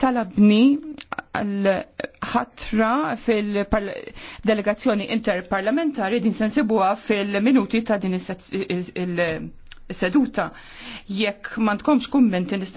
talabni ħatra fil-delegazzjoni interparlamentari din sensibuwa fil-minuti ta' din is-seduta. Jekk ma kummenti